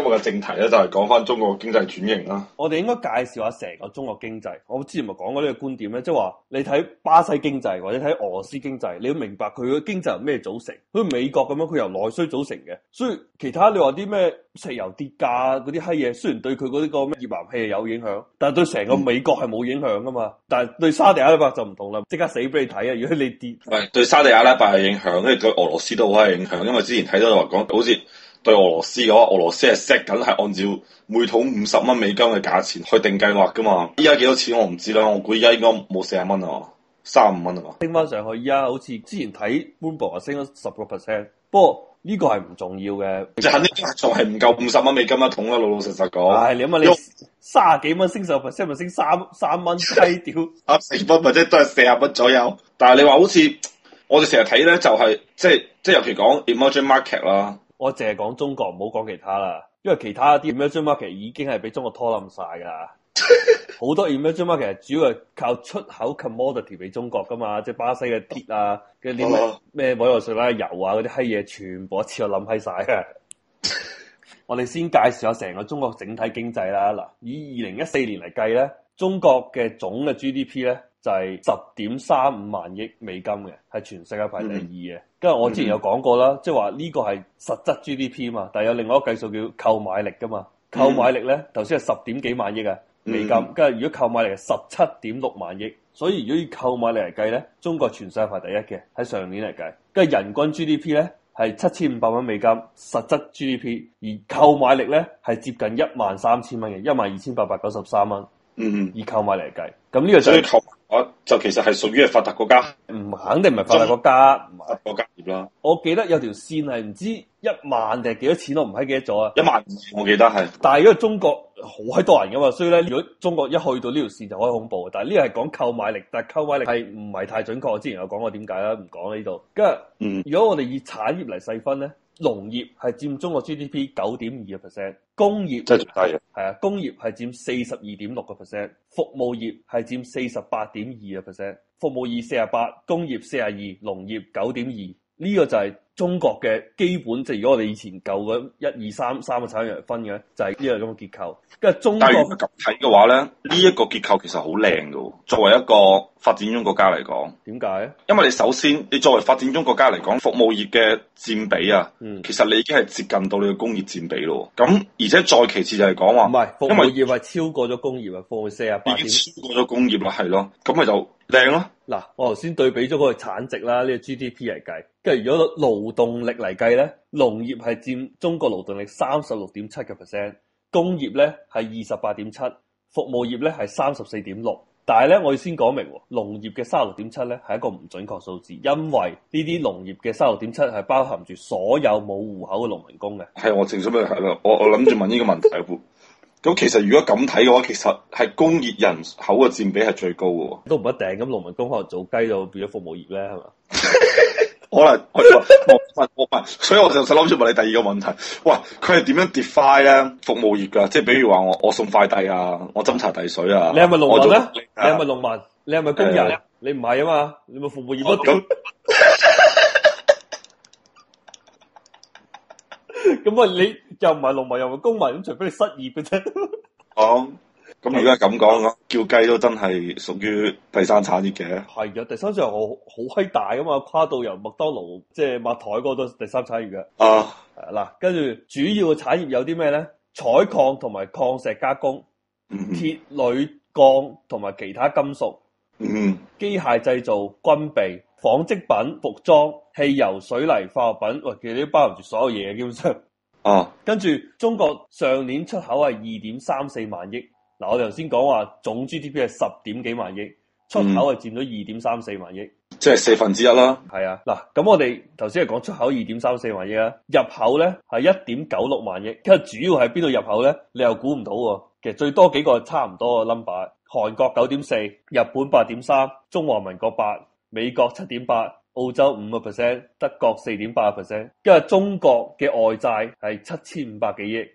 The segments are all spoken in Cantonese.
今日嘅正題咧就係講翻中國經濟轉型啦。我哋應該介紹下成個中國經濟。我之前咪講過呢個觀點咧，即係話你睇巴西經濟，或者睇俄羅斯經濟，你要明白佢嘅經濟由咩組成。好似美國咁樣，佢由內需組成嘅。所以其他你話啲咩石油跌價嗰啲閪嘢，雖然對佢嗰啲個咩熱門氣有影響，但係對成個美國係冇影響噶嘛。嗯、但係對沙地阿拉伯就唔同啦，即刻死俾你睇啊！如果你跌，對沙地阿拉伯有影響，跟住對俄羅斯都好係影響。因為之前睇到你話講好似。對俄羅斯嘅話，俄羅斯係 set 緊係按照每桶五十蚊美金嘅價錢去定計劃㗎嘛？依家幾多錢我唔知啦，我估依家應該冇四啊蚊啊啦，三十五蚊啊嘛，升翻上去依家好似之前睇 ubo 啊，升咗十個 percent。不過呢個係唔重要嘅，就肯定仲數係唔夠五十蚊美金一桶啦。老老實實講，唉， 你諗你三十幾蚊升十 percent，咪升三三蚊低調，啊四蚊或者都係四啊蚊左右。但係你話好似我哋成日睇咧，就係、是、即係即係，尤其講 emerging market 啦。我淨係講中國，唔好講其他啦，因為其他啲 Emerging Market 已經係俾中國拖冧晒噶，好 多 Emerging Market 主要係靠出口 commodity 俾中國噶嘛，即係巴西嘅鐵啊，跟住啲咩咩，委內瑞拉油啊嗰啲閪嘢，全部一次過冧閪晒啊！ 我哋先介紹下成個中國整體經濟啦，嗱，以二零一四年嚟計咧，中國嘅總嘅 GDP 咧就係十點三五萬億美金嘅，係全世界排第二嘅。 跟住我之前有講過啦，嗯、即係話呢個係實質 GDP 嘛，但係有另外一個計數叫購買力噶嘛。購、嗯、買力咧，頭先係十點幾萬億嘅美金，跟住、嗯、如果購買力係十七點六萬億，所以如果以購買力嚟計咧，中國全世界排第一嘅，喺上年嚟計。跟住人均 GDP 咧係七千五百蚊美金，實質 GDP 而購買力咧係接近一萬三千蚊嘅，一萬二千八百九十三蚊，嗯，以購買嚟計，咁呢、嗯、個就。我就其實係屬於係發達國家，唔肯定唔係發達國家，唔係，發達國家業啦。我記得有條線係唔知一萬定係幾多錢，我唔係記得咗啊！一萬我記得係，但係因為中國好閪多人噶嘛，所以咧如果中國一去到呢條線就好恐怖。但係呢個係講購買力，但係購買力係唔係太準確。我之前有講過點解啦，唔講呢度。跟住，嗯，如果我哋以產業嚟細分咧。農業係佔中國 GDP 九點二個 percent，工業即係 啊，工業係佔四十二點六個 percent，服務業係佔四十八點二個 percent，服務業四十八，工業四十二，農業九點二，呢、這個就係、是。中國嘅基本即係如果我哋以前舊嘅一二三三個產業嚟分嘅咧，就係呢樣咁嘅結構。跟住中國咁睇嘅話咧，呢、這、一個結構其實好靚㗎喎。作為一個發展中國家嚟講，點解？因為你首先你作為發展中國家嚟講，服務業嘅佔比啊，嗯、其實你已經係接近到你嘅工業佔比咯。咁而且再其次就係講話，唔係服務業係為超過咗工業啊，過去四啊八已經超過咗工業啦，係咯。咁咪就靚咯。嗱，我頭先對比咗嗰個產值啦，呢、這個 GDP 嚟計，跟住如果勞勞動力嚟計咧，農業係佔中國勞動力三十六點七嘅 percent，工業咧係二十八點七，服務業咧係三十四點六。但係咧，我要先講明，農業嘅三十六點七咧係一個唔準確數字，因為呢啲農業嘅三十六點七係包含住所有冇戶口嘅農民工嘅。係我正想問，係咯，我我諗住問呢個問題啊。咁其實如果咁睇嘅話，其實係工業人口嘅佔比係最高嘅。都唔一定，咁農民工可能做雞就變咗服務業咧，係嘛？ 可能我問，我問， 所以我就想諗住問你第二個問題。哇，佢係點樣 define 咧？服務業噶，即係比如話我我送快遞啊，我斟茶遞水啊。你係咪農民啊？你係咪農民？你係咪工人？你唔係啊嘛？你咪服務業咯。咁咁啊，gece Management 你聲又唔係農民又唔係工人，咁除非你失業嘅啫。哦。咁如果係咁講，叫雞都真係屬於第三產業嘅。係啊，第三產業好好閪大噶嘛，跨到由麥當勞即係抹台嗰度第三產業嘅。啊，嗱、啊，跟住主要嘅產業有啲咩咧？採礦同埋礦石加工、鐵鋁鋼同埋其他金屬、機、嗯、械製造、軍備、紡織品、服裝、汽油、水泥、化學品，哇，其實都包含住所有嘢，基本上。哦、啊，跟住中國上年出口係二點三四萬億。嗯嗱，我哋頭先講話總 GDP 係十點幾萬億，出口係佔咗二點三四萬億，即係四分之一啦。係啊，嗱，咁我哋頭先係講出口二點三四萬億啊，入口咧係一點九六萬億，跟住主要喺邊度入口咧？你又估唔到喎。其實最多幾個差唔多個 number，韓國九點四，日本八點三，中華民國八，美國七點八，澳洲五個 percent，德國四點八 percent，跟住中國嘅外債係七千五百幾億。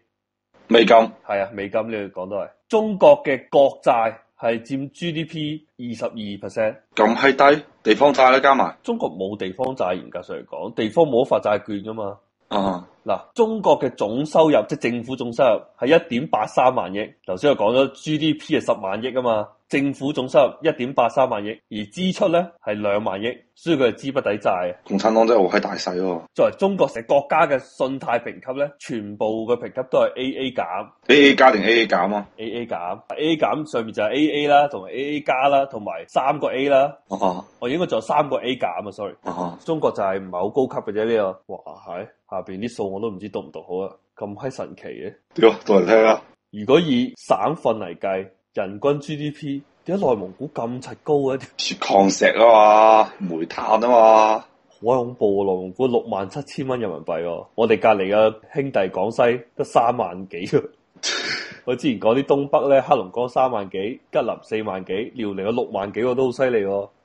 美金係啊，美金你講多啲。中國嘅國債係占 GDP 二十二 percent，咁係低。地方債咧加埋、uh huh. 啊，中國冇地方債，嚴格上嚟講，地方冇發債券噶嘛。啊，嗱，中國嘅總收入即係政府總收入係一點八三萬億，頭先我講咗 GDP 係十萬億啊嘛。政府總收入一點八三萬億，而支出咧係兩萬億，所以佢係資不抵債啊！共產黨真係好閪大細哦！作為中國成國家嘅信貸評級咧，全部嘅評級都係 AA 減，AA 加定 AA 減啊？AA 減，AA 減上面就係 AA 啦，同埋 AA 加啦，同埋三個 A 啦。我應該仲有三個 A 減啊？sorry，中國就係唔係好高級嘅啫呢個。哇，係下邊啲數我都唔知讀唔讀好啊！咁閪神奇嘅，屌，啊？讀嚟聽啊！如果以省份嚟計。人均 GDP 點解內蒙古咁柒高嘅？啲鐵礦石啊嘛，煤炭啊嘛，好恐怖啊！內蒙古六萬七千蚊人民幣，啊，我哋隔籬嘅兄弟廣西得三萬幾， 我之前講啲東北咧，黑龍江三萬幾，吉林四萬幾，遼寧六萬幾，都好犀利。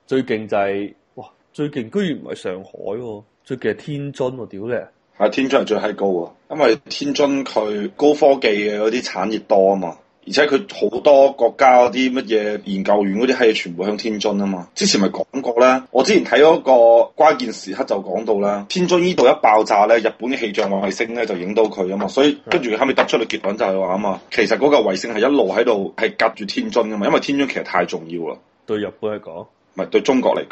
最勁就係、是、哇，最勁居然唔係上海，啊，最勁係天津，啊，屌你！啊，天津係最閪高啊，因為天津佢高科技嘅嗰啲產業多啊嘛。而且佢好多國家嗰啲乜嘢研究員嗰啲係全部向天津啊嘛，之前咪講過咧，我之前睇嗰個關鍵時刻就講到啦，天津呢度一爆炸咧，日本嘅氣象衛星咧就影到佢啊嘛，所以跟住後尾得出嘅結論就係話啊嘛，其實嗰個衛星係一路喺度係隔住天津啊嘛，因為天津其實太重要啦，對日本嚟講，唔係對中國嚟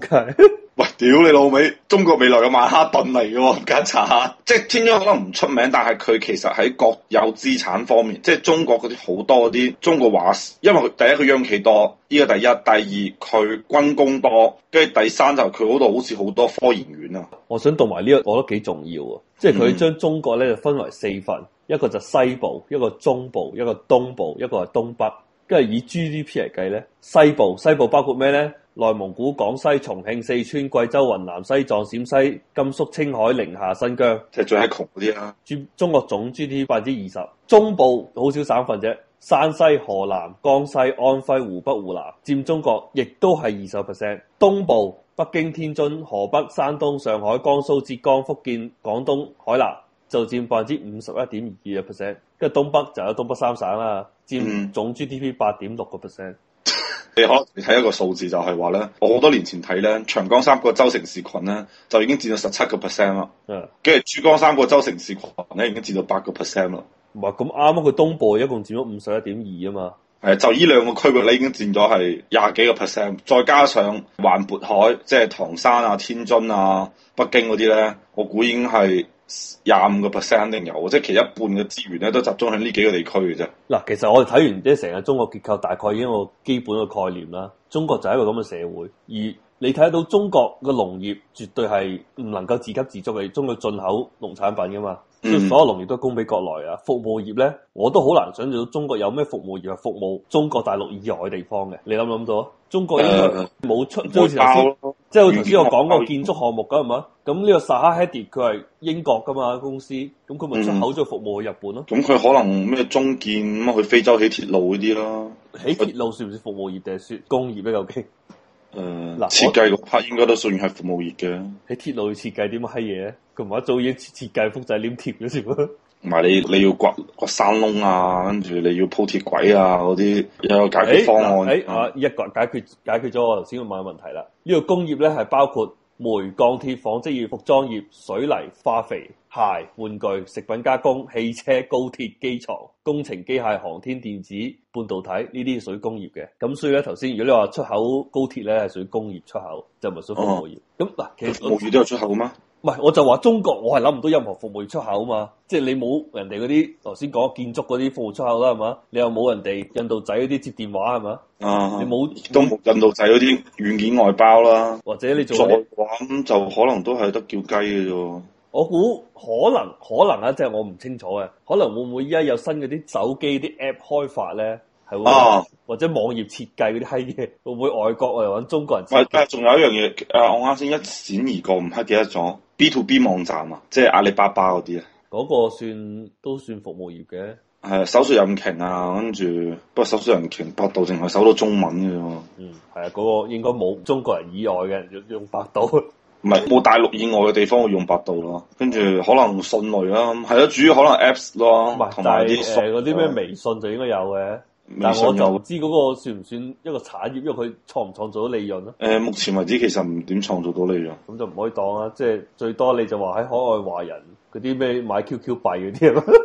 講。 屌你老味，中國未來嘅曼哈頓嚟嘅喎，唔敢查。即係天津可能唔出名，但係佢其實喺國有資產方面，即、就、係、是、中國嗰啲好多嗰啲中國話事，因為佢第一佢央企多，呢、這個第一；第二佢軍工多，跟住第三就佢嗰度好似好多科研院啊。我想讀埋呢個，我覺得幾重要啊。即係佢將中國咧就分為四份，嗯、一個就西部，一個中部，一個東部，一個係東，東北。跟住以 GDP 嚟計咧，西部西部包括咩咧？內蒙古、廣西、重慶、四川、貴州、雲南、西藏、陝西、甘肅、青海、寧夏、新疆，即係最係窮啲啦、啊。佔中國總 GDP 百分之二十，中部好少省份啫，山西、河南、江西、安徽、湖北、湖南，佔中國亦都係二十 percent。東部北京、天津、河北、山東、上海、江蘇、浙江、福建、廣東、海南，就佔百分之五十一點二啊 percent。跟住東北就有東北三省啦，佔總 GDP 八點六個 percent。你可你睇一個數字就係話咧，我好多年前睇咧，長江三角洲城市群咧，就已經佔咗十七個 percent 啦。嗯，跟住的珠江三角洲城市群咧，已經佔咗八個 percent 啦。唔係，咁啱啱佢東部一共佔咗五十一點二啊嘛。係，就依兩個區域呢，你已經佔咗係廿幾個 percent，再加上環渤海，即係唐山啊、天津啊、北京嗰啲咧，我估已經係。廿五個 percent 定有，即係其一半嘅資源咧，都集中喺呢幾個地區嘅啫。嗱，其實我哋睇完即係成日中國結構，大概已經有個基本嘅概念啦。中國就係一個咁嘅社會，而你睇到中國嘅農業絕對係唔能夠自給自足嘅。中國進口農產品噶嘛。所以所有農業都供俾國內啊。嗯、服務業咧，我都好難想象到中國有咩服務業係服務中國大陸以外嘅地方嘅。你諗唔諗到？中國應該冇出口、呃。即係我知我講個建築項目噶係嘛，咁呢個 Zaha Hadid 佢係英國噶嘛公司，咁佢咪出口咗服務去日本咯？咁佢、嗯嗯嗯、可能咩中建咁去非洲起鐵路嗰啲咯？起鐵路算唔算服務業定係算工業比較激？誒、嗯，嗱、啊，設計嗰 part 應該都算係服務業嘅。起鐵路要設計啲乜閪嘢？佢唔係早已經設計，複製黏貼嘅啫。唔係你你要掘掘山窿啊，跟住你要鋪鐵軌啊嗰啲，有解決方案。誒誒，一個解決解決咗我頭先會問嘅問題啦。呢、這個工業咧係包括煤、鋼、鐵、紡織業、服裝業、水泥、化肥、鞋、玩具、食品加工、汽車、高鐵、機牀、工程機械、航天、電子、半導體呢啲屬於工業嘅。咁所以咧，頭先如果你話出口高鐵咧，係屬於工業出口，就唔係屬於服務業。咁嗱，其實服務業都有出口嘅嗎？唔係，我就話中國，我係諗唔到任何服務出口啊嘛！即係你冇人哋嗰啲，頭先講建築嗰啲服務出口啦，係嘛？你又冇人哋印度仔嗰啲接電話係嘛？啊！你冇都冇印度仔嗰啲軟件外包啦。或者你做嘅話，咁就可能都係得叫雞嘅啫。我估可能可能啊，即係、就是、我唔清楚嘅，可能會唔會依家有新嗰啲手機啲 app 開發咧，係喎，啊、或者網頁設計嗰啲閪嘢，會唔會外國嚟揾中國人？唔係，但係仲有一樣嘢，誒，我啱先一閃而過唔係記得咗。2 B to B 網站啊，即係阿里巴巴嗰啲啊，嗰個算都算服務業嘅。係搜索引擎啊，跟住、啊、不過搜索引擎百度淨係搜到中文嘅喎。嗯，係啊，嗰、嗰個應該冇中國人以外嘅用用百度。唔係冇大陸以外嘅地方會用百度咯。跟住可能信類啦、啊，係咯、啊，主要可能 Apps 咯，同埋啲誒啲咩微信就應該有嘅。但我就知嗰個算唔算一個產業，因為佢創唔創造到利潤咯。誒、呃，目前為止其實唔點創造到利潤，咁就唔可以當啊！即係最多你就話喺海外華人嗰啲咩買 QQ 幣嗰啲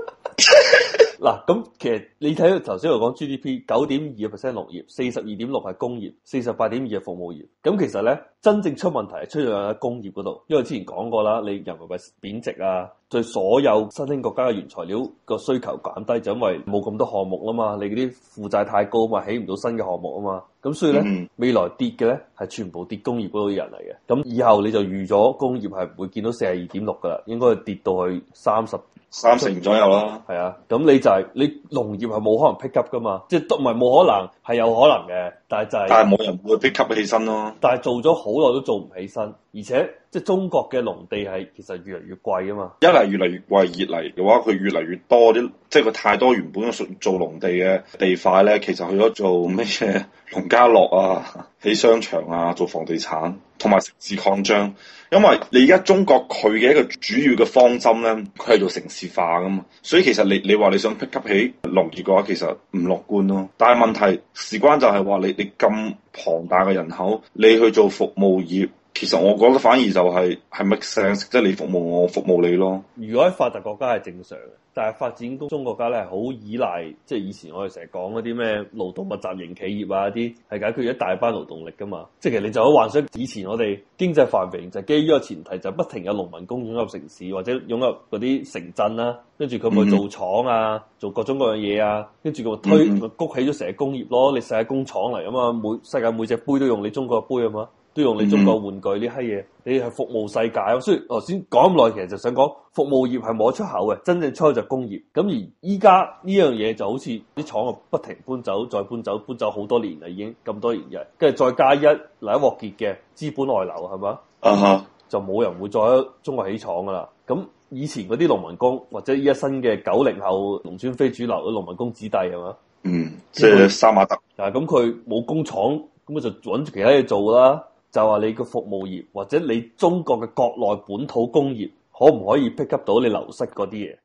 嗱，咁其實你睇到頭先我講 GDP 九點二嘅 percent 農業，四十二點六係工業，四十八點二係服務業。咁其實咧，真正出問題係出咗喺工業嗰度，因為之前講過啦，你人民幣貶值啊，對所有新興國家嘅原材料個需求減低，就因為冇咁多項目啦啊嘛，你嗰啲負債太高嘛，起唔到新嘅項目啊嘛，咁所以咧未來跌嘅咧係全部跌工業嗰度嘅人嚟嘅。咁以後你就預咗工業係唔會見到四十二點六噶啦，應該係跌到去三十。三成左右咯，係啊，咁你就係、是、你農業係冇可能 pick up 㗎嘛，即係都唔係冇可能，係有可能嘅，但係就係、是，但係冇人會 pick up 起身咯、啊。但係做咗好耐都做唔起身，而且即係中國嘅農地係其實越嚟越貴啊嘛。一嚟的越嚟越貴，二嚟嘅話佢越嚟越多啲，即係佢太多原本屬做農地嘅地塊咧，其實去咗做咩嘢農家樂啊，起商場啊，做房地產。同埋城市擴張，因為你而家中國佢嘅一個主要嘅方針咧，佢係做城市化㗎嘛，所以其實你你話你想 pick up 起農業嘅話，其實唔樂觀咯。但係問題事關就係話你你咁龐大嘅人口，你去做服務業。其實我覺得反而就係係 make sense，即係你服務我，我服務你咯。如果喺發達國家係正常，但係發展中國家咧係好依賴，即係以前我哋成日講嗰啲咩勞動密集型企業啊啲，係解決一大班勞動力噶嘛。即係其實你就好幻想以前我哋經濟繁榮就是、基於個前提，就不停有農民工湧入城市或者湧入嗰啲城鎮啦、啊，跟住佢咪做廠啊，mm hmm. 做各種各樣嘢啊，跟住佢咪推咪谷、mm hmm. 起咗成日工業咯。你世界工廠嚟噶嘛？每世界每隻杯都用你中國嘅杯啊嘛！都用你中國玩具呢啲嘢，你係服務世界，啊，所以頭先講咁耐，其實就想講服務業係冇出口嘅，真正出口就工業。咁而依家呢樣嘢就好似啲廠不停搬走，再搬走，搬走好多年啦，已經咁多年嘅，跟住再加一嚟一鑊結嘅資本外流係嘛？Uh huh. 就冇人會再中國起廠噶啦。咁以前嗰啲農民工或者依家新嘅九零後農村非主流嘅農民工子弟係嘛？嗯、uh，即係殺馬特。啊，咁佢冇工廠，咁佢就揾其他嘢做啦。就話，你個服務業或者你中國嘅國內本土工業可唔可以 pick up 到你流失嗰啲嘢？